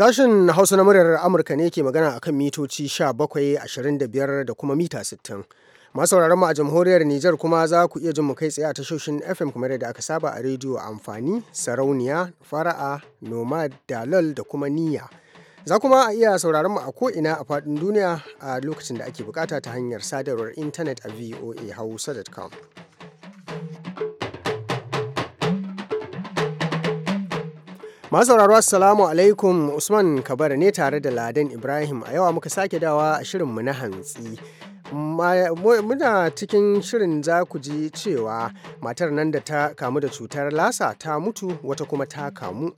Sashen Hausa na muryar Amurka ne ke magana akan mitoci bakwai 25 da kuma mita 60. masu mu a jamhuriyar Nijar kuma za ku iya jin mu kai tsaye a tashoshin FM kamar yadda aka saba a rediyo amfani, sarauniya, fara'a, nomad, dalal da kuma niyya. Za kuma a iya sauraron mu a ko'ina a faɗin duniya a lokacin da ake bukata ta hanyar sadarwar intanet a voahausa.com. masauraro assalamu alaikum usman kabar ne tare da ladan ibrahim a yawa muka sake dawa a shirinmu na hantsi muna cikin shirin za ku ji cewa matar nan da ta kamu da cutar lasa ta mutu wata kuma ta kamu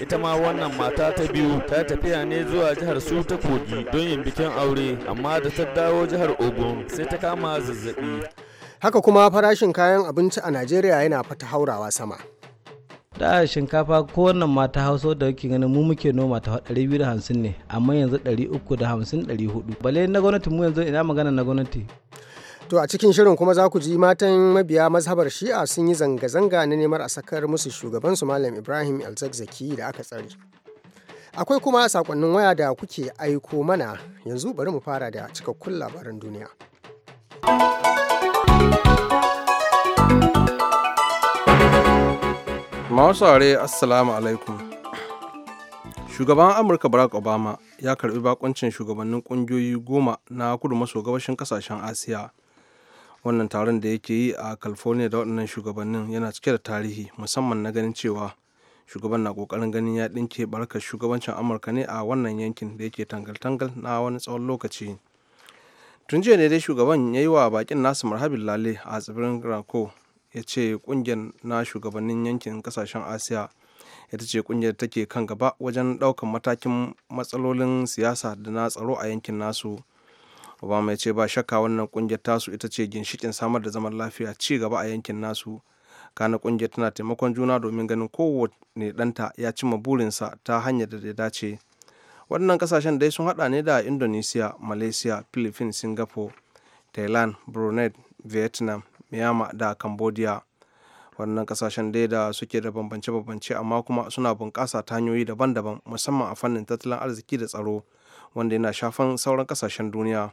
Ita ma wannan mata ta biyu ta tafiya ne zuwa jihar su ta kogi don yin bikin aure, amma da ta dawo jihar Ogun sai ta kama zazzabi. Haka kuma farashin kayan abinci a Najeriya yana fata haurawa sama. da shinkafa ko wannan mata hausa da kake ganin mu muke noma ta 250 ne amma yanzu 350 400 bale na gwamnati mu yanzu ina magana na gwamnati To a cikin shirin kuma za ku ji matan mabiya mazhabar shi'a sun yi zanga-zanga na nemar a sakar musu shugaban su Malam Ibrahim Alzakzaki da aka tsare. Akwai kuma sakonnin waya da kuke aiko mana yanzu bari mu fara da cikakkun labaran duniya. Masuware Assalamu alaikum. Shugaban Amurka Barack Obama ya karbi bakuncin shugabannin kungiyoyi goma na kudu maso gabashin kasashen Asiya. Wannan taron da yake yi a California da waɗannan shugabannin yana cike da tarihi musamman na ganin cewa shugaban na kokarin ganin ya ɗinke barkar shugabancin Amurka ne a wannan yankin da yake tangal-tangal na wani tsawon lokaci. Tun jiya ne dai shugaban ya yi wa bakin nasu marhabin lale a tsibirin Grand ya ce kungiyar na shugabannin yankin kasashen asiya ita ce kungiyar da take kan gaba wajen daukan matakin matsalolin siyasa da na tsaro a yankin nasu obama ya ce ba shakka wannan kungiyar tasu ita ce ginshikin samar da zaman lafiya ci gaba a yankin nasu kana kungiyar tana taimakon juna domin ganin kowane danta ya cimma burinsa ta hanyar da ya dace waɗannan kasashen dai sun haɗa ne da indonesia malaysia philippines singapore thailand brunei vietnam myanmar da cambodia wannan kasashen dai da suke da bambance-bambance amma kuma suna bunƙasa ta hanyoyi daban-daban musamman a fannin tattalin arziki da tsaro wanda yana shafan sauran kasashen duniya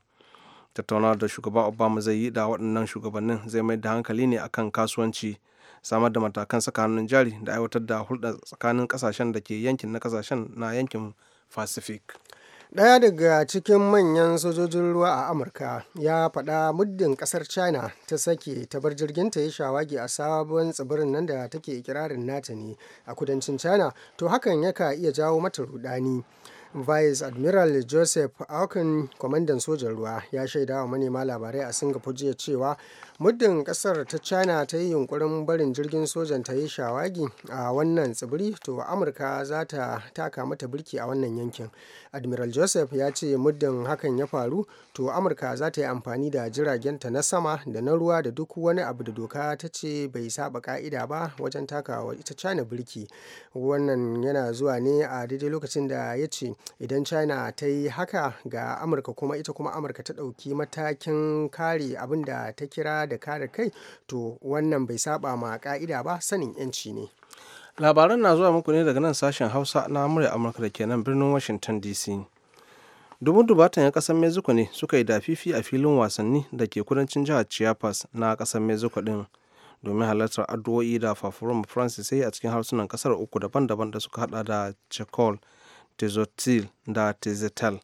tattauna da shugaba obama zai yi da waɗannan shugabannin zai mai da hankali ne akan kasuwanci samar da matakan saka hannun jari da aiwatar da hulɗa tsakanin kasashen da ke yankin na kasashen na yankin pacific Ɗaya daga cikin manyan sojojin ruwa a Amurka ya faɗa muddin ƙasar China ta sake ta bar jirginta ya shawagi a sabon tsibirin nan da take ikirarin nata ne a kudancin China, to hakan yaka iya jawo mata rudani. vice admiral joseph Aukin, kwamandan sojan ruwa ya shaida wa manema labarai a singapore jiya cewa muddin ƙasar ta china ta yi yunkurin barin jirgin sojan ta yi shawagi a wannan tsibiri to amurka za ta taka mata birki a wannan yankin admiral joseph ya ce muddin hakan ya faru to amurka za ta yi amfani da jiragenta na sama da na ruwa da duk wani abu da doka ta ce bai saba ka'ida ba wajen takawa ita china birki wannan yana zuwa ne a daidai lokacin da ya ce idan china ta yi haka ga amurka kuma ita kuma amurka ta ɗauki matakin kare abin da ta kira da kare kai to wannan bai saba ma ka'ida ba sanin 'yanci ne labaran na zuwa muku ne daga nan sashen hausa na murya amurka da ke nan birnin washington dc dubun dubatan 'yan kasar mexico ne suka yi dafifi a filin wasanni da ke kudancin jihar chiapas na kasar mexico din domin halartar addu'o'i da faforoma francis sai a cikin harsunan kasar uku daban-daban da suka hada da chacol tezotil da tezetal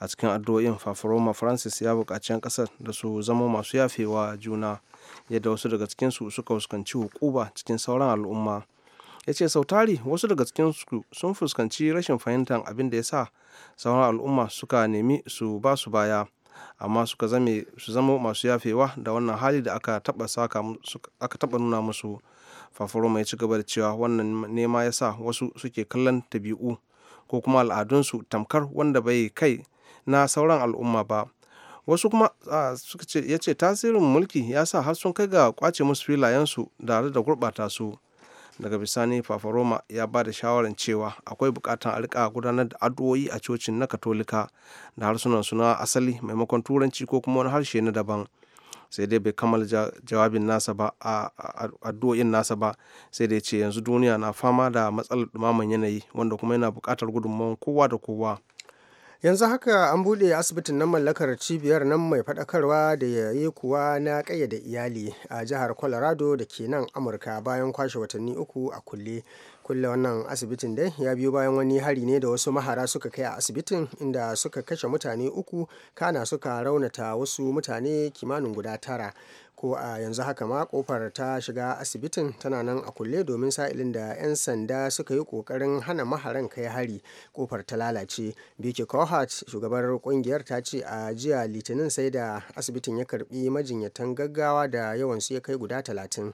a cikin addu'o'in faforoma francis ya buƙaci 'yan kasar da su zama masu yafewa juna yadda wasu daga cikinsu suka fuskanci hukuba cikin sauran al'umma ya ce sautari wasu daga cikin cikinsu sun fuskanci rashin fahimtar abin da ya sa sauran al'umma suka nemi su ba su baya amma suka zame su zama masu yafewa da wannan hali da aka taba nuna musu fafaro mai ci gaba da cewa wannan nema ya sa wasu suke kallon tabi'u ko kuma al'adunsu tamkar wanda bai kai na sauran al'umma ba wasu kuma suka ce ya ce tasirin mulki ya sa har sun kai ga kwace musu filayensu tare da gurɓata su daga bisani fafaroma ya ba da shawarar cewa akwai bukatar a gudanar da addu'o'i a cocin na katolika da harsunan suna asali maimakon turanci ko kuma wani harshe na daban sai dai bai kammala jawabin nasa ba a addu'o'in nasa ba sai dai ce yanzu duniya na fama da matsalar dumaman yanayi wanda kuma yana bukatar gudunmawar kowa da kowa yanzu haka an buɗe asibitin nan mallakar cibiyar nan mai faɗakarwa da ya yi kuwa na ƙayyade iyali a jihar colorado da ke nan amurka bayan kwashe watanni uku a kulle kulle wannan asibitin dai ya biyo bayan wani hari ne da wasu mahara suka kai a asibitin inda suka kashe mutane uku kana suka raunata wasu mutane kimanin guda tara ko a yanzu haka ma kofar ta shiga asibitin tana nan a kulle domin sa'ilin da 'yan sanda suka yi kokarin hana maharan kai hari kofar ta lalace biki kohat shugabar kungiyar ta ce a jiya litinin sai da asibitin ya karbi majinyatan gaggawa da yawan su ya kai guda talatin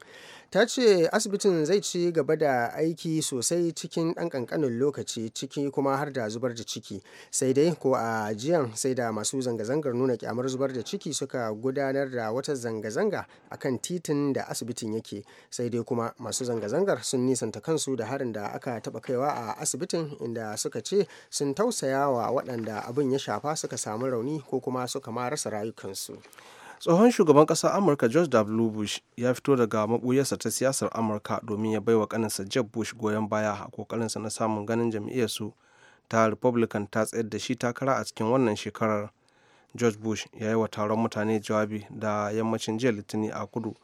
ta ce asibitin zai ci gaba da aiki sosai cikin ɗan ƙanƙanin lokaci ciki kuma har da zubar da ciki sai dai ko a jiyan sai da masu zanga-zangar nuna kyamar zubar da ciki suka gudanar da wata zanga-zanga a kan titin da asibitin yake sai dai kuma masu zanga-zangar sun nisanta kansu da harin da aka taɓa kaiwa a asibitin inda suka ce sun tausaya wa waɗanda abin ya shafa suka samu rauni ko kuma suka ma rasa rayukansu. tsohon shugaban ƙasar amurka george w bush ya fito daga mabuyarsa ta siyasar amurka domin ya baiwa kaninsa jeb bush goyon baya a kokarinsa na samun ganin jam'iyyarsu ta republican ta tsayar da shi takara a cikin wannan shekarar george bush ya yi wa taron mutane jawabi da yammacin jiya litinin a kudu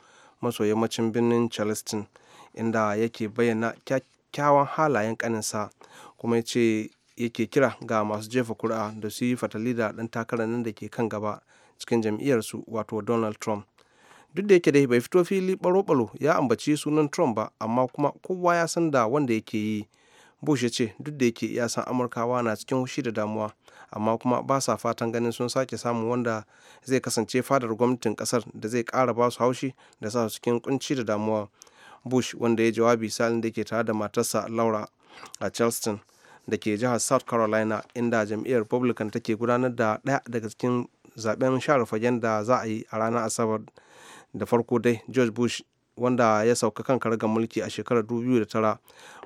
maso yammacin birnin charleston inda yake bayyana kyakkyawan halayen kaninsa kuma ya ce yake kira ga masu jefa kuri'a da su yi fatali da ɗan takarar nan da ke kan gaba cikin jam'iyyarsu wato donald trump duk da yake dai bai fito fili baro-baro ya ambaci sunan trump ba amma kuma kowa ya san da wanda yake yi bush ya ce duk da yake ya san amurkawa na cikin hushi da damuwa amma kuma ba sa fatan ganin sun sake samun wanda zai kasance fadar gwamnatin kasar da zai kara ba su haushi da sa su cikin kunci da damuwa bush wanda ya jawabi salin da ke tare da matarsa laura a charleston da ke jihar south carolina inda jam'iyyar republican take gudanar da ɗaya daga cikin zaben share fagen da za a yi a ranar asabar da farko dai george bush wanda ya sauka kan karagar mulki a shekarar 2009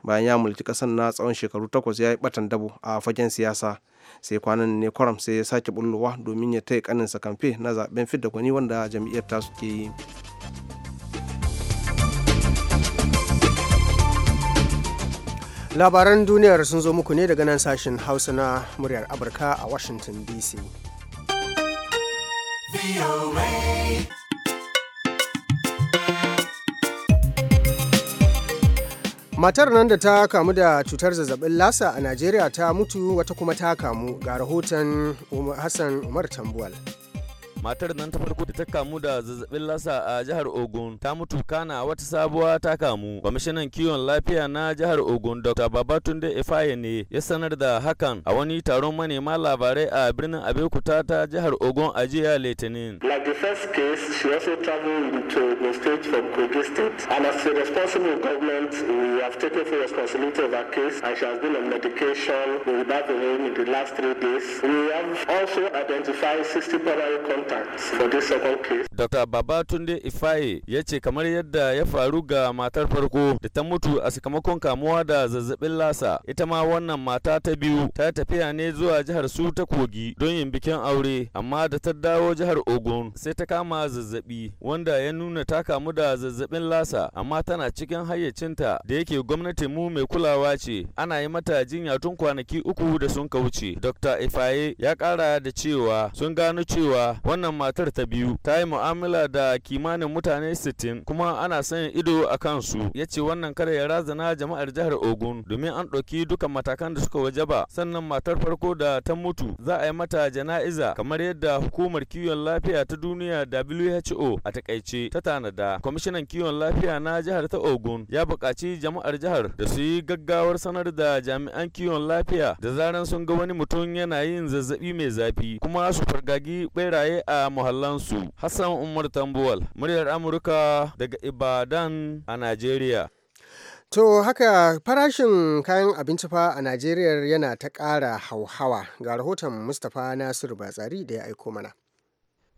bayan ya mulki kasar na tsawon shekaru takwas ya yi batan dabo a fagen siyasa sai kwanan ne kwaram sai ya sake bullowa domin ya taya kaninsa kamfe na zaben fidda gwani wanda jam'iyyar ta suke yi labaran duniyar sun zo muku ne daga nan sashen hausa na muryar amurka a washington dc Matar nan da ta kamu da cutar zazzabin lasa a Najeriya ta mutu wata kuma ta kamu ga rahoton Hassan Umar Tambuwal. matar nan ta farko da ta kamu da zazzabin lasa a jihar ogun ta mutu kana wata sabuwa ta kamu kwamishinan kiwon lafiya na jihar ogun dr babatunde ifaye ne ya sanar da hakan a wani taron manema labarai a birnin abeokuta ta jihar ogun a jiya litinin like the first case she also traveled to the state from kogi state and as a responsible government we have taken full responsibility of her case and she has been on medication with bavirin in the last three days we have also identified 60 primary contacts dr baba tunde second Ifaye ya ce kamar yadda ya faru ga matar farko da ta mutu a sakamakon kamuwa da zazzabin lasa ita ma wannan mata ta biyu ta tafiya ne zuwa jihar su ta kogi don yin bikin aure amma da ta dawo jihar Ogun sai ta kama zazzabi wanda ya nuna ta kamu da zazzabin lasa amma tana cikin hayyacinta da yake gwamnati mu mai kulawa ce ana yi mata jinya tun kwanaki uku da sun kauce. Dr. Ifaye ya kara da cewa sun gano cewa wannan wannan matar ta biyu ta yi mu'amala da kimanin mutane 60 kuma ana sanya ido a kansu ya ce wannan kare ya razana jama'ar jihar ogun domin an ɗauki dukan matakan da suka wajaba sannan matar farko da ta mutu za a yi mata jana'iza kamar yadda hukumar kiwon lafiya ta duniya who a takaice ta tanada kwamishinan kiwon lafiya na jihar ta ogun ya buƙaci jama'ar jihar da su yi gaggawar sanar da jami'an kiwon lafiya da zaran sun ga wani mutum yana yin zazzabi mai zafi kuma su fargagi beraye a a muhallansu Hassan Umar Tambuwal muryar Amurka daga Ibadan a Najeriya To haka farashin kayan abinci fa a Najeriya yana ta ƙara hauhawa ga rahoton Mustapha Nasiru Batsari da ya aiko mana.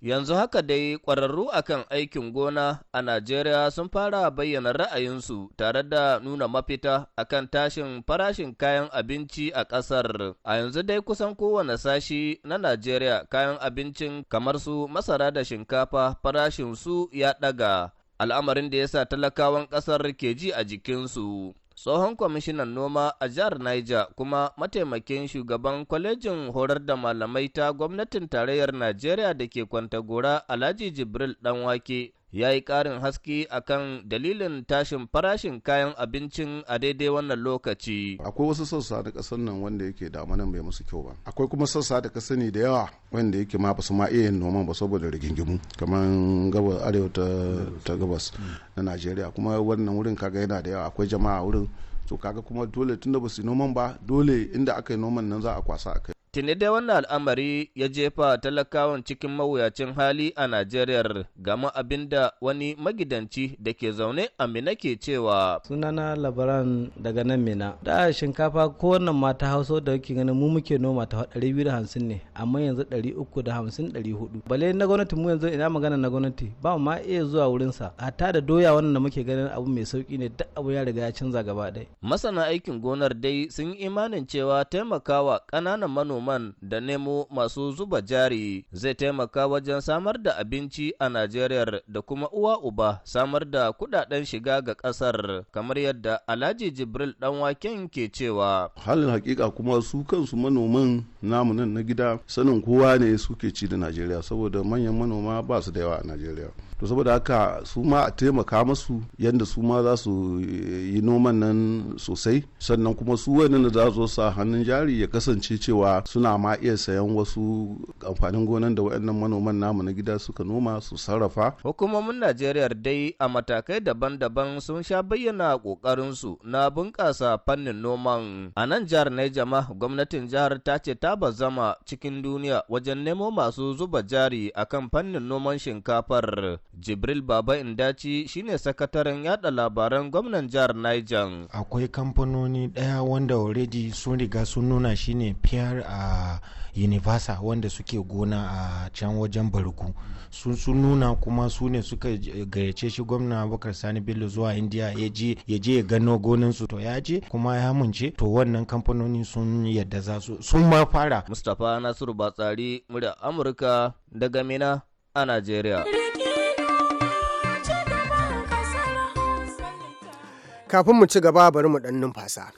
Yanzu haka dai ƙwararru akan aikin gona a Najeriya sun fara bayyana ra'ayinsu tare da nuna mafita akan tashin farashin kayan abinci a ƙasar. A yanzu dai kusan kowane sashi na Najeriya kayan abincin kamar su masara da shinkafa farashinsu ya ɗaga. al'amarin da ya sa talakawan ƙasar ke ji a jikinsu. tsohon kwamishinan noma a jihar Niger kuma mataimakin shugaban kwalejin horar da malamai ta gwamnatin tarayyar Najeriya da ke kwanta gora Alhaji Jibril Danwake ya yi ƙarin haske akan dalilin tashin farashin kayan abincin a daidai wannan lokaci. Akwai wasu sassa da ƙasar nan wanda yake damanan bai musu kyau ba. Akwai kuma sassa da ƙasa ne da yawa wanda yake ma basu ma iya yin noman ba saboda rigingimu kamar gabas arewa ta gabas na Najeriya kuma wannan wurin kaga yana da yawa akwai jama'a wurin to kaga kuma dole tunda basu noman ba dole inda aka yi noman nan za a kwasa a kai. Tuni dai wannan al'amari ya jefa talakawan cikin mawuyacin hali a Najeriya gama abin wani magidanci da ke zaune a Mina ke cewa. Sunana labaran daga nan Mina. Da shinkafa ko wannan mata hausa da kake ganin mu muke noma ta hamsin ne amma yanzu ɗari uku da hamsin ɗari hudu. Bale na gwamnati mu yanzu ina magana na gwamnati ba ma iya zuwa wurin sa Hatta da doya wannan da muke ganin abu mai sauki ne duk abu ya riga ya canza gaba ɗaya. Masana aikin gonar dai sun yi imanin cewa taimakawa ƙananan manoma man da nemo masu zuba jari zai taimaka wajen samar da abinci a Najeriya da kuma uwa uba samar da kudaden shiga ga kasar kamar yadda Alhaji Jibril Danwaken ke cewa. Halin hakika kuma su kansu manoman namu nan na gida sanin kowa ne suke ci da Najeriya saboda manyan manoma ba su da yawa a Najeriya. to saboda haka su ma a taimaka masu yadda su ma za su eh, yi noman nan sosai sannan kuma su wani da za su sa hannun jari ya kasance cewa suna ma iya sayan wasu amfanin gonan da waɗannan manoman namu na gida suka noma su sarrafa hukumomin najeriya dai a matakai daban-daban sun sha bayyana su na bunƙasa fannin noman a nan jihar Naijama gwamnatin jihar ta ce ta bazama cikin duniya wajen nemo masu zuba jari akan fannin noman shinkafar Jibril Baba Indaci shine sakataren yada labaran gwamnan jihar Niger. Akwai kamfanoni daya wanda already sun riga sun nuna shine PR a Univasa wanda suke gona a can wajen baruku Sun sun nuna kuma su ne suka eh, gayyace shi gwamna Abubakar Sani Bello zuwa India ya je ya gano gonan su to ya je kuma ya munce to wannan kamfanoni sun yadda za su sun ma fara. Mustapha Nasiru Batsari murya Amurka daga Mina a Najeriya. kafin mu ci gaba bari mu ɗan numfasa.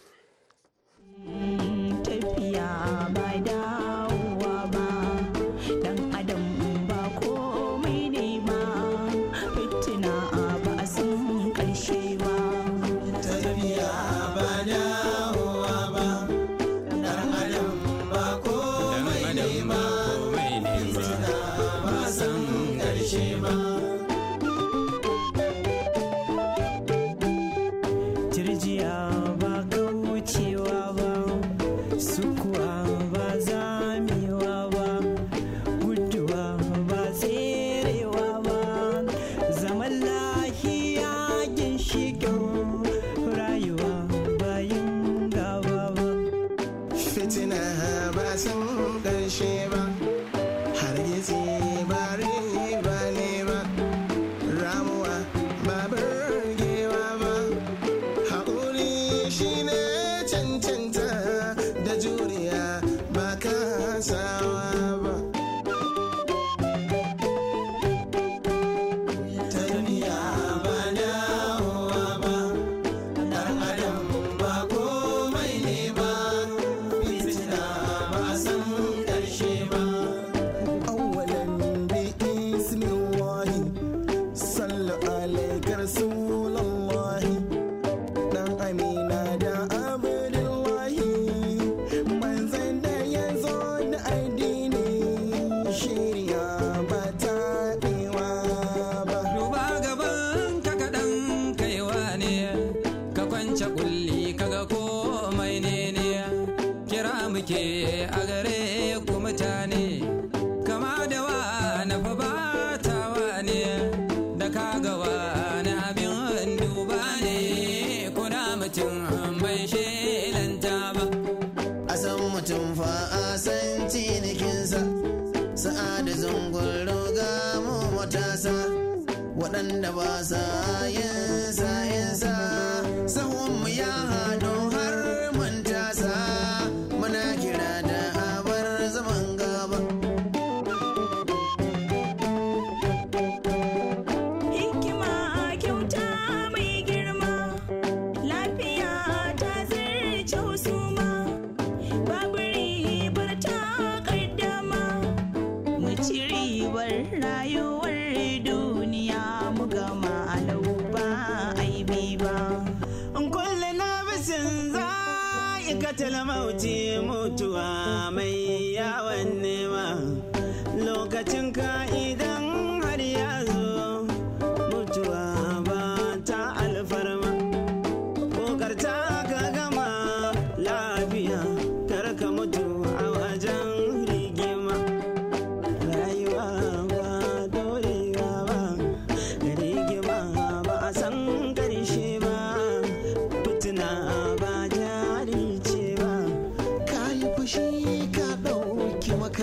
da ba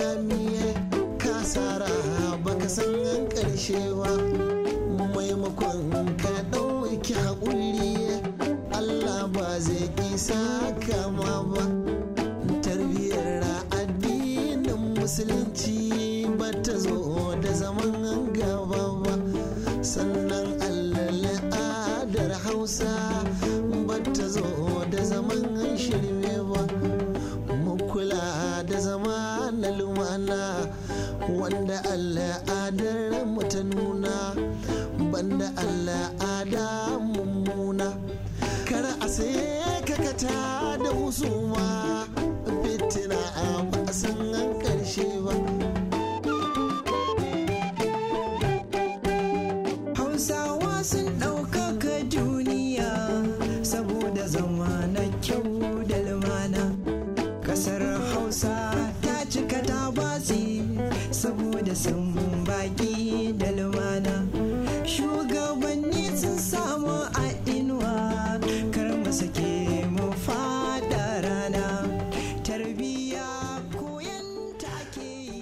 kamiye kasara baka san yan karshe ba maimakon ka ɗauki haƙuri Allah ba zai isa kama ba tarbiyyar addinin musulunci ba ta zo da zaman gaba ba sannan al'adar hausa ba ta zo da zaman shirme ba mukula Allah wanda Allah adar mu ta nuna banda Allah ada mummuna kar a sai ka kata da musu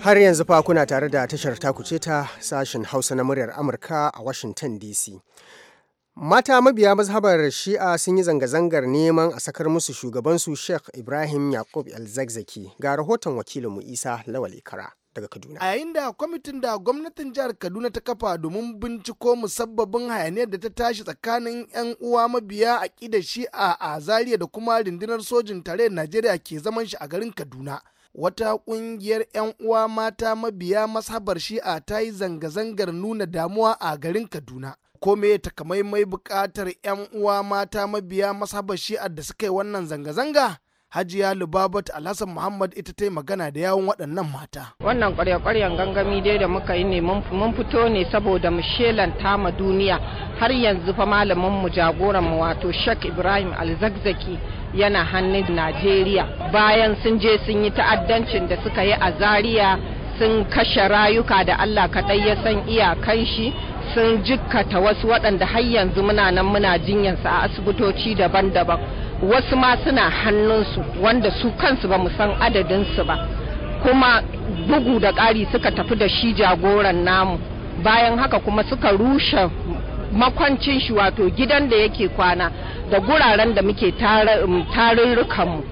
Har yanzu fa kuna tare da tashar takuce ta sashen Hausa na muryar Amurka a Washington DC. Mata mabiya mazhabar Shi'a sun yi zanga-zangar neman a sakar musu shugabansu Sheikh Ibrahim Yaqub El-Zakzaki ga rahoton wakilinmu Isa Lawale Kara daga Kaduna. A yayin da kwamitin da gwamnatin jihar Kaduna ta kafa domin binciko musabbabin hayaniyar da ta tashi tsakanin 'yan uwa mabiya aƙidar shi'a a Zaria da kuma rundunar sojin tarayyar Najeriya ke zaman shi a garin Kaduna. wata ƙungiyar 'yan uwa mata mabiya mashabar shi'a ta yi zanga-zangar nuna damuwa a garin kaduna ko me mai buƙatar 'yan uwa mata mabiya mashabar shi'a da suka yi wannan zanga-zanga hajiya lubabat alhassan muhammad ita ta yi magana da yawon waɗannan mata wannan ƙwarya-ƙwaryan gangami dai da muka yi ne mun fito ne saboda mu shelanta ma duniya har yanzu fa malamin mu jagoran mu wato shek ibrahim alzagzaki yana hannun najeriya bayan sun je sun yi ta'addancin da suka yi a zaria sun kashe rayuka da allah kaɗai ya san iyakan shi sun jikkata wasu waɗanda har yanzu muna nan muna jinyansa a asibitoci daban-daban wasu ma suna hannunsu wanda su kansu ba san adadinsu ba kuma bugu da ƙari suka tafi da shi jagoran namu bayan haka kuma suka rushe makwancin shi wato gidan da yake kwana da guraren da muke um, tarurrukanmu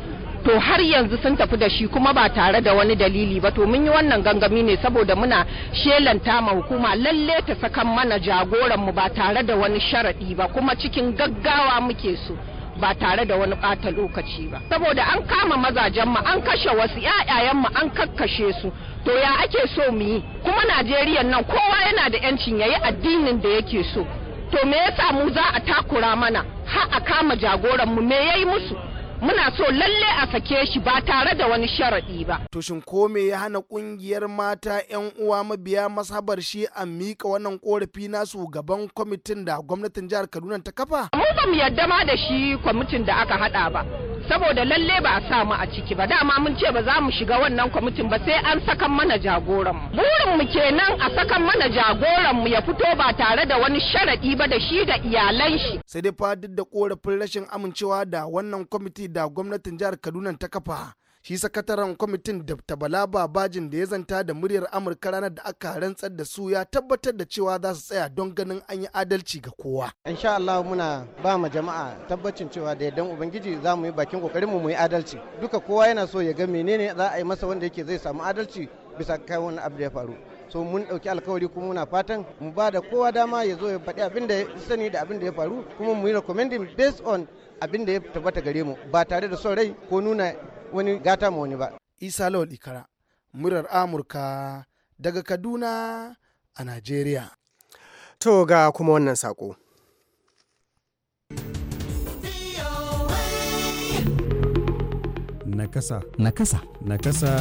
to har yanzu sun tafi da shi kuma ba tare da wani dalili ba to mun yi wannan gangami ne saboda muna shelanta ma hukuma lalle ta sakan mana jagoranmu ba tare da wani sharaɗi ba kuma cikin gaggawa muke so ba tare da wani ɓata lokaci ba saboda an kama mazajen mu an kashe wasu ƴaƴayen mu an kakkashe su to ya ake so mu yi kuma Najeriya nan kowa yana da yancin yayi addinin da yake so to me yasa mu za a takura mana har a kama jagoranmu mu me yayi musu muna so lalle a sake shi ba tare da wani sharaɗi ba. To shin ko me ya hana ƙungiyar mata 'yan uwa mabiya masabar shi a mika wannan ƙorafi nasu gaban kwamitin da gwamnatin jihar Kaduna ta kafa? Mu ba mu yarda ma da shi kwamitin da aka haɗa ba. saboda lalle ba a sa mu a ciki ba dama mun ce ba za mu shiga wannan kwamitin ba sai an saka mana jagoran mu burin mu kenan a sakan mana jagoran mu ya fito ba tare da wani sharadi ba da shi da iyalan shi sai dai fa duk da korafin rashin amincewa da wannan kwamiti da gwamnatin jihar Kaduna ta kafa shi sakataren kwamitin da tabala babajin da ya zanta da muryar amurka ranar da aka rantsar da su ya tabbatar da cewa za su tsaya don ganin an yi adalci ga kowa insha Allah muna ba ma jama'a tabbacin cewa da yardan ubangiji za mu yi bakin kokarin mu mu yi adalci duka kowa yana so ya ga menene za a yi masa wanda yake zai samu adalci bisa kai wani abu da ya faru so mun dauki alkawari kuma muna fatan mu ba da kowa dama ya zo ya faɗi abin da ya sani da abin da ya faru kuma mu yi recommending based on abin da ya tabbata gare mu ba tare da son rai ko nuna wani gata ma wani ba isa lawal ikara murar amurka daga kaduna a najeriya to ga kuma wannan sako Nakasa. Nakasa. Nakasa.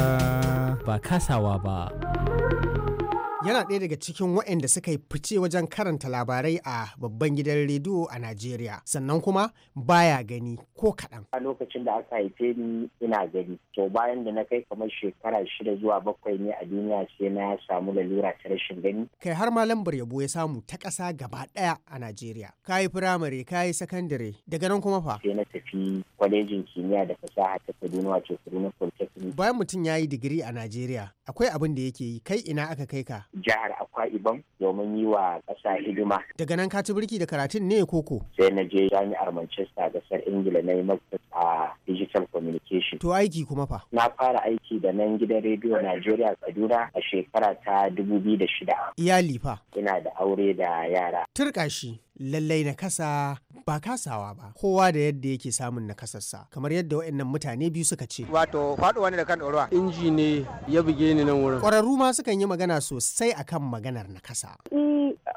Ba kasawa ba. yana ɗaya daga cikin waɗanda suka yi fice wajen karanta labarai a babban gidan rediyo a Najeriya sannan kuma baya gani ko kaɗan. A lokacin da aka haife ni ina gani to bayan da na kai kamar shekara shida zuwa bakwai ne a duniya sai na samu lalura ta rashin gani. Kai har ma lambar yabo ya samu ta ƙasa gaba ɗaya a Najeriya. Ka yi firamare ka yi sakandare daga nan kuma fa. Sai na tafi kwalejin kimiyya da fasaha ta Kaduna wato Kaduna Polytechnic. Bayan mutum ya yi digiri a Najeriya akwai abin da yake yi kai ina aka kai ka jihar akwa ibom domin yi wa ƙasa hidima daga nan ka ci birki da karatun ne koko sai na je jami'ar manchester gasar ingila na yi masters a digital communication to aiki kuma fa na fara aiki da nan gidan rediyo najeriya kaduna a shekara ta dubu biyu da shida. iyali fa ina da aure da yara turka shi lallai nakasa ba kasawa ba kowa da yadda yake samun nakasarsa kamar yadda waɗannan mutane biyu suka ce wato faɗuwa ne da kan ɗorawa inji ne ya buge ni nan wurin ƙwararru ma sukan yi magana sosai akan maganar nakasa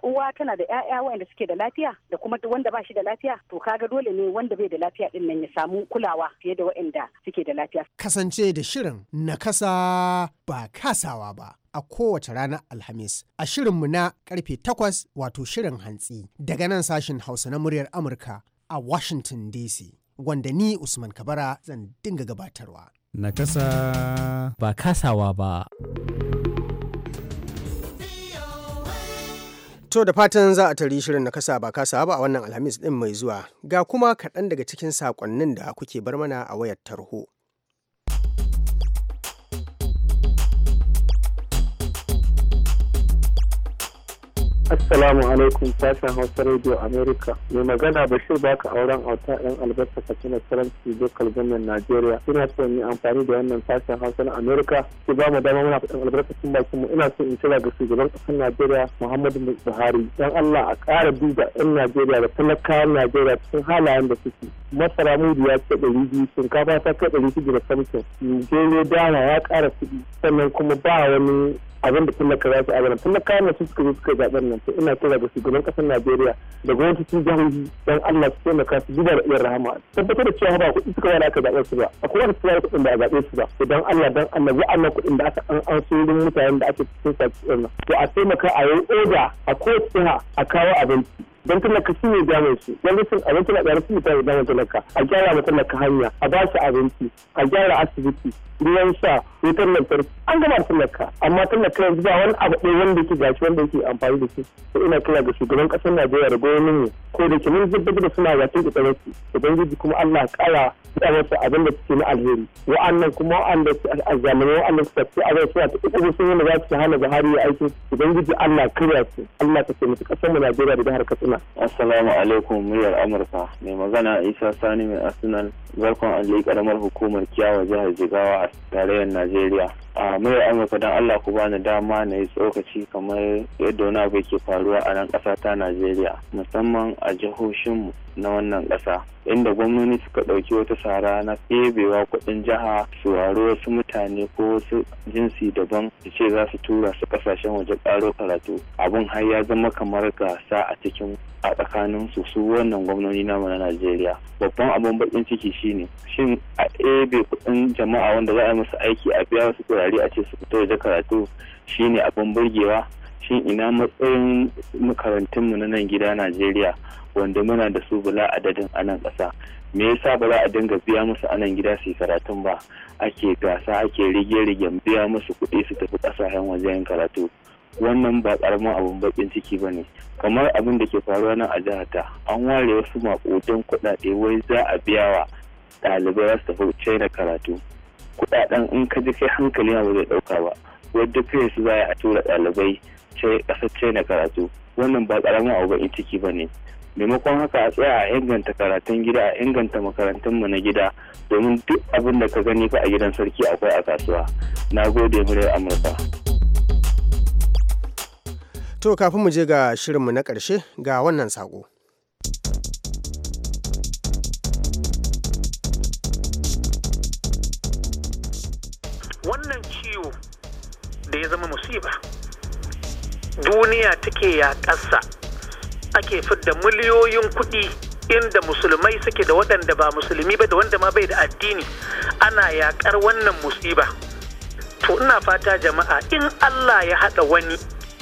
uwa tana da 'ya'ya waɗanda suke da lafiya da kuma wanda ba shi da lafiya to kaga dole ne wanda bai da lafiya din nan ya samu kulawa fiye da waɗanda suke da lafiya kasance da shirin nakasa ba kasawa ba a kowace ranar Alhamis a shirinmu na karfe takwas wato shirin hantsi daga nan sashin Hausa na muryar Amurka a Washington DC wanda ni Usman Kabara zan dinga gabatarwa. Nakasa ba kasawa ba. To da fatan za a tari shirin na kasa ba kasa ba a wannan Alhamis ɗin mai zuwa ga kuma kaɗan daga cikin saƙonnin da kuke bar mana a wayar tarho. Assalamu alaikum sashen Hausa Radio America. Mai magana Bashir baka auren auta ɗan albasa Katsina Saranci Local Government Nigeria. Ina so yi amfani da wannan sashen Hausa na America. Ki ba mu dama muna faɗin albarkacin bakin mu. Ina so in kira ga shugaban ƙasar Najeriya Muhammadu Buhari. Dan Allah a ƙara duba 'yan Najeriya da talakawan Najeriya cikin halayen da suke. Masara mudu ya ce ɗari biyu, shinkafa ta kai ɗari shida da samsin. Nigeria dana ya ƙara kuɗi sannan kuma ba wani abin da tallaka za su abin. Talakawan na suka zo suka zaɓen nan ina kira ga shugaban kasar Najeriya da gwamnatocin jihohi don Allah su taimaka su duba da iya rahama tabbatar da cewa ba kuɗi suka wani aka zaɓe su ba akwai wani suka kuɗin da a zaɓe su ba to don Allah dan Allah na kuɗin da aka an an surin mutanen da ake cikin sa to a taimaka a yi oda a kowace jiha a kawo abinci don talaka shi ne damun shi don a abinci na ɗaya rashin da damar talaka a gyara ma talaka hanya a ba shi abinci a gyara asibiti ruwan sha wutar lantarki an gama talaka amma talaka yanzu ba wani abu ɗaya wanda yake gashi wanda yake amfani da shi ko ina kira ga shugaban ƙasar Najeriya da gwamnatin mu ko da ke mun zubbar da suna yakin ƙoƙarin su ubangiji kuma Allah kara da wasu abin da suke na alheri wa'annan kuma wa'anda a zamanin wa'anda suka fi a zai suna ta ƙoƙarin sun yi da za su hana Buhari ya aiki ubangiji Allah kira su Allah ka mutu ƙasar mu Najeriya da jihar Katsina Allah. Assalamu alaikum muryar Amurka. Mai magana Isa Sani mai Arsenal barkon alli karamar hukumar kiyawa jihar Jigawa a tarayyar Najeriya. A muryar Amurka don Allah ku bani dama na yi tsokaci kamar yadda wani abu ke faruwa a nan ƙasa ta Najeriya musamman a jihohinmu na wannan ƙasa inda gwamnoni suka ɗauki wata sara na ɗebewa kuɗin jiha su wasu mutane ko wasu jinsi daban su ce za su tura su ƙasashen waje ƙaro karatu abin har ya zama kamar gasa a cikin a tsakanin su su wannan gwamnoni namu na Najeriya babban abin bakin ciki shine shin a ebe kudin jama'a wanda za a yi musu aiki a biya su kurare a ce su fito waje karatu shine abin burgewa shin ina matsayin makarantun mu na nan gida Najeriya wanda muna da su bula adadin a nan ƙasa me yasa ba za a dinga biya musu a nan gida su yi karatun ba ake gasa ake rige-rigen biya musu kuɗi su tafi ƙasashen wajen karatu wannan ba karamin abun bakin ciki ba ne kamar abin da ke faruwa nan a jihar ta an ware wasu makotan kuɗaɗe wai za a biya wa ɗalibai za su tafi karatu kuɗaɗen in ka ji kai hankali ba zai ɗauka ba wadda kai su za a tura ɗalibai ƙasar china karatu wannan ba karamin abu bakin ciki ba ne maimakon haka a tsaya a inganta karatun gida a inganta makarantunmu na gida domin duk abin da ka gani fa a gidan sarki akwai a kasuwa na gode muryar amurka To kafin mu je ga shirinmu na ƙarshe ga wannan saƙo. Wannan ciwo da ya zama musiba, duniya take ya ƙasa ake fidda miliyoyin kuɗi inda musulmai suke da waɗanda ba musulmi ba da wanda ma bai da addini ana yaƙar wannan musiba. To ina fata jama'a in Allah ya haɗa wani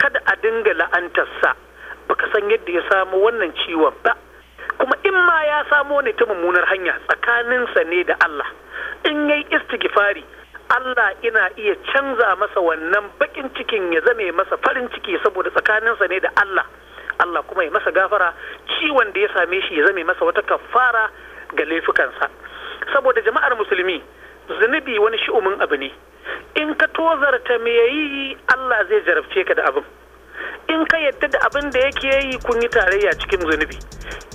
kada a dinga la'antarsa baka san yadda ya samu wannan ciwon ba kuma in ma ya samo ne ta mummunar hanya tsakaninsa ne da Allah in yayi istighfari Allah ina iya canza masa wannan bakin cikin ya zame masa farin ciki saboda tsakaninsa ne da Allah Allah kuma ya masa gafara ciwon da ya same shi ya zame masa wata kafara ga laifukansa saboda jama'ar musulmi zunubi wani shi'umin abu ne tozarta me yi Allah zai jarabce ka da abin in ka yadda da abin da yake yi kun yi tarayya cikin zunubi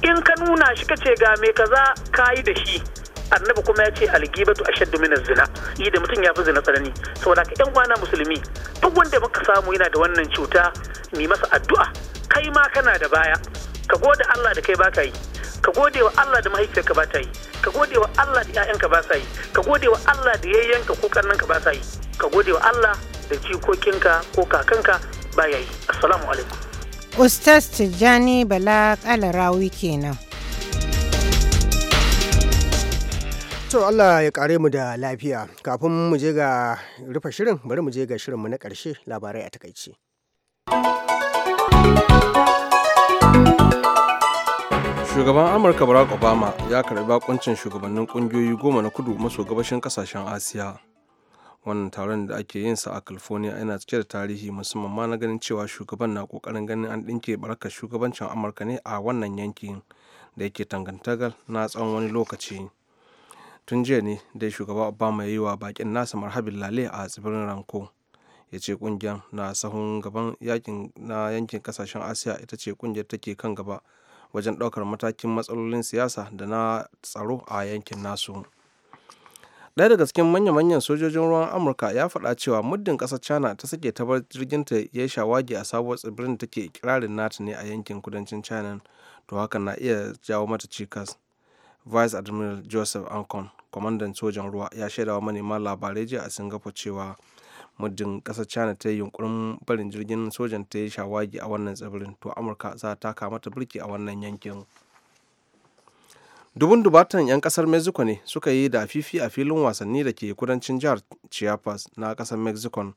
in ka nuna shi ka ce ga me kaza ka yi da shi annabi kuma ya ce algibatu ashaddu min zina yi da mutum ya fi zina tsanani saboda ka yan uwana musulmi duk wanda muka samu yana da wannan cuta mi masa addu'a kai ma kana da baya ka gode Allah da kai baka yi ka gode wa Allah da mahaifiyarka ba ta yi ka gode wa Allah da 'ya'yanka ba sa yi ka gode wa Allah da yayyanka ko kannanka ba sa yi ka gode wa Allah da jikokinka ko kakanka ba yayi assalamu alaikum Ustaz Tijjani Bala Kalarawi kenan. To Allah ya kare mu da lafiya. Kafin mu je ga rufe shirin, bari mu je ga shirin mu na karshe labarai a takaici. Shugaban Amurka Barack Obama ya karɓi bakuncin shugabannin ƙungiyoyi goma na kudu maso gabashin ƙasashen Asiya. wannan taron da ake yin sa a california yana cike da tarihi musamman ma na ganin cewa shugaban na kokarin ganin an ɗinke barakar shugabancin amurka ne a wannan yankin da yake tangantagar na tsawon wani lokaci tun jiya ne dai shugaba obama ya yi wa bakin nasa marhabin lale a tsibirin ranko ya ce kungiyar na sahun gaban yakin na yankin kasashen asiya ita ce kungiyar take kan gaba wajen ɗaukar matakin matsalolin siyasa da na tsaro a yankin nasu ɗaya daga cikin manya-manyan sojojin ruwan amurka ya faɗa cewa muddin ƙasar china ta sake ta bar ta ya yi shawagi a sabuwar tsibirin da take kirarin nata ne a yankin kudancin china to hakan na iya jawo mata cikas vice admiral joseph ancon kwamandan sojan ruwa ya shaidawa manema labarai jiya a singapore cewa muddin ƙasar china ta yi yunkurin barin jirgin sojan ta yi shawagi a wannan tsibirin to amurka za ta taka mata birki a wannan yankin. dubun dubatan 'yan kasar mexico ne suka yi da fifi a filin wasanni da ke kudancin jihar chiapas na kasar mexico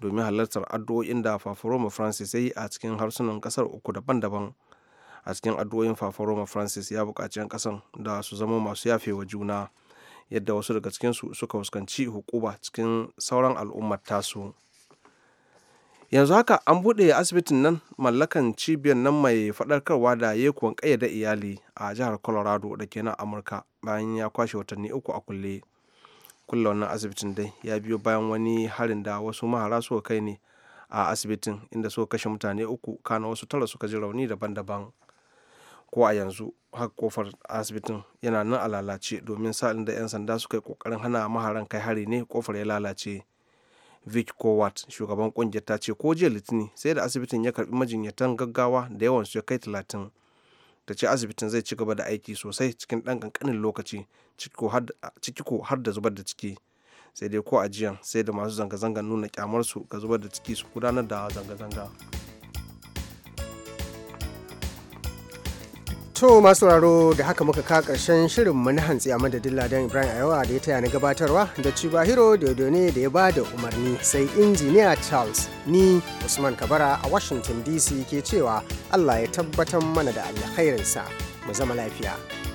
domin halartar addu'o'in da fafaroma francis ya yi a cikin harsunan kasar uku daban-daban a cikin addu'o'in fafaroma francis ya buƙaci 'yan kasar da su zama masu yafe wa juna yadda wasu daga cikinsu suka fuskanci hukuma cikin sauran al'ummar tasu. yanzu haka an buɗe asibitin nan mallakan cibiyar nan mai faɗarkarwa da ya kuwan ƙayyade iyali a jihar colorado da ke nan amurka bayan ya kwashe watanni uku a kulle kulle wannan asibitin dai ya biyo bayan wani harin da wasu mahara suka kai ne a asibitin inda suka kashe mutane uku kana wasu tara suka ji rauni daban-daban ko a yanzu haka kofar asibitin yana nan a lalace domin sa'in da 'yan sanda suka yi kokarin hana maharan kai hari ne kofar ya lalace vic kowat shugaban kungiyar ta ce ko jiya litinin sai da asibitin ya karbi majinyatan gaggawa da yawan su ya kai talatin ta ce asibitin zai ci gaba da aiki sosai cikin ɗan kankanin lokaci ciki ko har da zubar da ciki sai dai ko ajiyan sai da masu zanga-zanga nuna kyamarsu ga zubar da ciki su gudanar da zanga-zanga. To masu raro da haka muka ka karshen shirin mani hantsi a madadin Ladan Ibrahim Ayawa da ya taya na gabatarwa da Ciba Hiro ne da ya ba da umarni sai injiniya Charles ni Usman Kabara a Washington DC ke cewa Allah ya tabbatar mana da alkhairinsa mu zama lafiya.